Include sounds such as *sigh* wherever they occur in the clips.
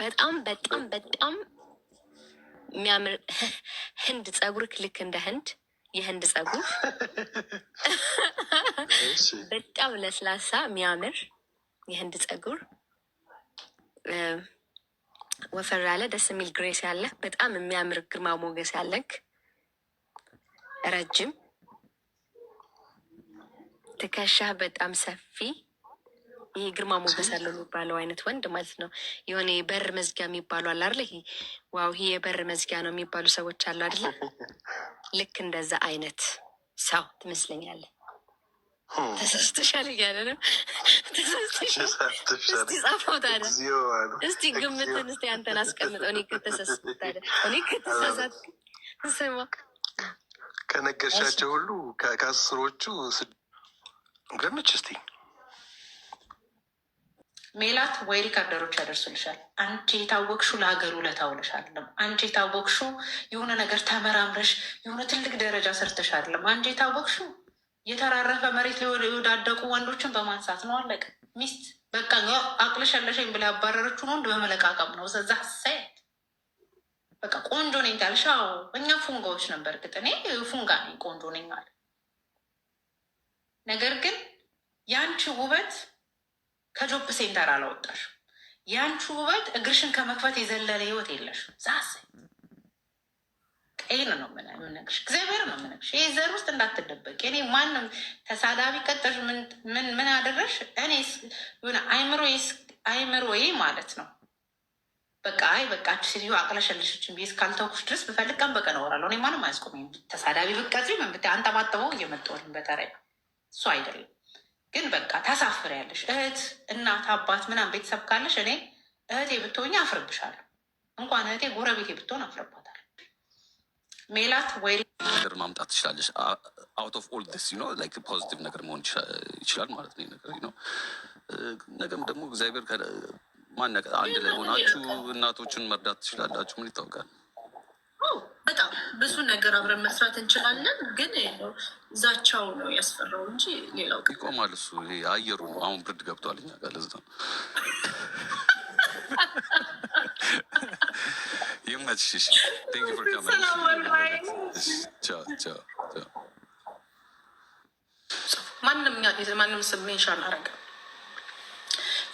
በጣም በጣም በጣም የሚያምር ህንድ ጸጉርክ ልክ እንደ ህንድ የህንድ ጸጉር በጣም ለስላሳ የሚያምር የህንድ ጸጉር ወፈር ያለ ደስ የሚል ግሬስ ያለ በጣም የሚያምር ግርማ ሞገስ ያለክ ረጅም ትከሻህ በጣም ሰፊ ይሄ ግርማ ሞገስ ያለው የሚባለው አይነት ወንድ ማለት ነው። የሆነ የበር መዝጊያ የሚባሉ አለ አይደለ? ይሄ ዋው፣ ይሄ የበር መዝጊያ ነው የሚባሉ ሰዎች አሉ አይደለ? *laughs* ልክ እንደዛ አይነት ሰው ትመስለኛለህ። ተሳስተሻል እያለ ነው። *laughs* ተሳስተሻል ጻፈው። ታዲያ እስቲ ግምትን እስቲ አንተን አስቀምጠው። እኔ ከተሳሳትኩ እኔ ከተሳሳትኩ ስማ ከነገርሻቸው ሁሉ ከአስሮቹ ገምች እስቲ ሜላት ወይ ሪካርደሮች ያደርሱልሻል። አንቺ የታወቅሹ ለሀገሩ ለታውለሽ አለም። አንቺ የታወቅሹ የሆነ ነገር ተመራምረሽ የሆነ ትልቅ ደረጃ ሰርተሽ አለም። አንቺ የታወቅሹ የተራረፈ መሬት የወዳደቁ ወንዶችን በማንሳት ነው። አለቀ። ሚስት በቃ አቅልሽ ያለሽኝ ብላ ያባረረችውን ወንድ በመለቃቀም ነው። ዘዛ ሳይድ በቃ ቆንጆ ነኝ ታልሽ። አዎ እኛ ፉንጋዎች ነበር። እርግጥ እኔ ፉንጋ ነኝ ቆንጆ ነኝ አለ። ነገር ግን የአንቺ ውበት ከጆብ ሴንተር አላወጣሽ። ያንቺ ውበት እግርሽን ከመክፈት የዘለለ ህይወት የለሽ። ዛሰ ጤን ነው የምነግርሽ፣ እግዚአብሔር ነው የምነግርሽ። ይህ ዘር ውስጥ እንዳትደበቅ። እኔ ማንም ተሳዳቢ ቀጠሽ ምን ምን አደረሽ? እኔ ሆነ አይምሮዬ ማለት ነው በቃ አይ በቃ አንቺ ሴትዮ አቅለሸለሸችን ብዬ እስካልተውኩሽ ድረስ ብፈልግ ቀን በቀን እወራለሁ። እኔ ማንም አያስቆመኝም። ተሳዳቢ ብቀጽ አንጠባጥበው እየመጣሁልኝ በተራ እሱ አይደለም ግን በቃ ታሳፍር ያለሽ እህት፣ እናት፣ አባት ምናምን ቤተሰብ ካለሽ እኔ እህቴ ብትሆኝ አፍርብሻለሁ። እንኳን እህቴ ጎረቤቴ ብትሆን አፍርባታል። ሜላት ወይ ነገር ማምጣት ትችላለች። አውት ኦፍ ኦል ዲስ ነው ላይክ ፖዚቲቭ ነገር መሆን ይችላል ማለት ነው ነገር ነው። ነገም ደግሞ እግዚአብሔር ማነቀ አንድ ላይ ሆናችሁ እናቶችን መርዳት ትችላላችሁ። ምን ይታወቃል። ብዙ ነገር አብረን መስራት እንችላለን። ግን ዛቻው ነው ያስፈራው እንጂ ሌላው ይቆማል። እሱ አየሩ ነው። አሁን ብርድ ገብቷል እኛ ጋር ለዛ ነው። ይመችሽ። ማንም ማንም ስሜንሻ አላረገም።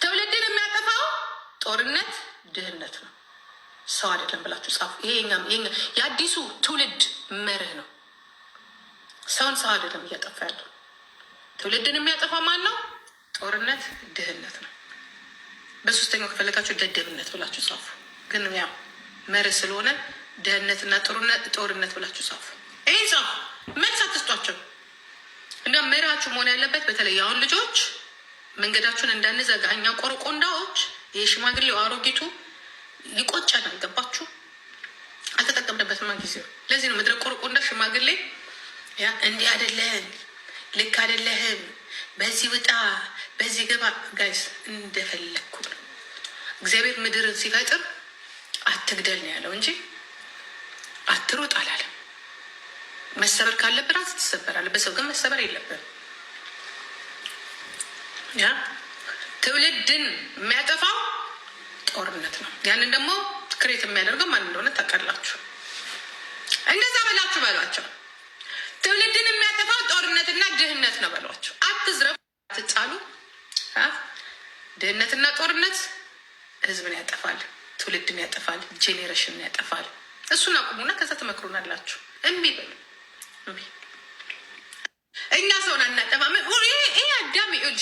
ትውልድን የሚያጠፋው ጦርነት ድህነት ነው። ሰው አይደለም ብላችሁ ጻፉ። ይሄ የአዲሱ ትውልድ መርህ ነው። ሰውን ሰው አይደለም እያጠፋ ያለው ትውልድን የሚያጠፋ ማን ነው? ጦርነት፣ ድህነት ነው። በሶስተኛው ከፈለጋችሁ ደደብነት ብላችሁ ጻፉ። ግን ያው መርህ ስለሆነ ድህነትና ጦርነት ብላችሁ ጻፉ። ይህን ጻፉ። መልስ አትስጧቸው። እና መሪያችሁ መሆን ያለበት በተለይ አሁን ልጆች መንገዳችሁን እንዳንዘጋ እኛ ቆርቆንዳዎች የሽማግሌው አሮጊቱ ይቆጫል። ገባችሁ? አልተጠቀምንበትማ ጊዜው። ለዚህ ነው ምድረ ቆርቆንዳ ሽማግሌ ያ እንዲህ አይደለህም፣ ልክ አይደለህም፣ በዚህ ውጣ፣ በዚህ ገባ። ጋይስ እንደፈለግኩ ነው። እግዚአብሔር ምድርን ሲፈጥር አትግደል ነው ያለው እንጂ አትሩጥ አላለም። መሰበር ካለብን ራስ ትሰበራለህ። በሰው ግን መሰበር የለብን። ያ ትውልድን የሚያጠፋው ጦርነት ነው። ያንን ደግሞ ክሬት የሚያደርገው ማን እንደሆነ ታውቃላችሁ። እንደዛ በላችሁ በሏቸው። ትውልድን የሚያጠፋው ጦርነትና ድህነት ነው በሏቸው። አትዝረቡ አትጣሉ። ድህነትና ጦርነት ህዝብን ያጠፋል፣ ትውልድን ያጠፋል፣ ጄኔሬሽንን ያጠፋል። እሱን አቁሙና ከዛ ትመክሩናላችሁ። እምቢ በሉ። እኛ ሰውን አናጠፋም። ይሄ አዳም እጅ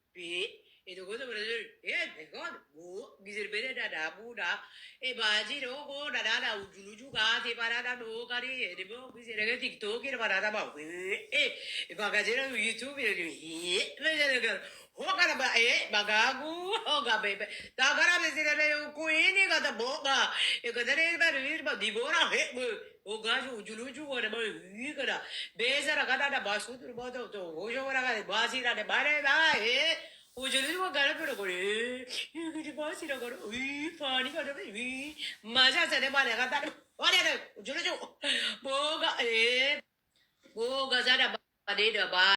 비 이도 고도 그래들 예 내가 뭐 기질 베레 r a d a p u d a e b a j i rogo rara la ujulu j u g a s i b a r a d a no g a r i e de bo b i sera c h tiktok era parada ma e e baga j e r a youtube e ri e me ra e be be me ba ba ho ho ja da ga ga ga ga ta ga gu sera e b ba d ri ri che 호가라 바에 바가구 호가 베베 다가라 베시라 a da b 가다 보가 a 거 a 에 바르 a 디 a 라 헤브 오가주 b 줄우주 거라 뭐 위거라 베 o 라 가다다 바 a 들 보도 또 오쇼라 가다 바시라데 바레 바 e 우주는가라보라고 래. 그리마시라 고. 위파니가위맞아자네말에갔 다. 와야우주는좀뭐가에뭐가자라바데다바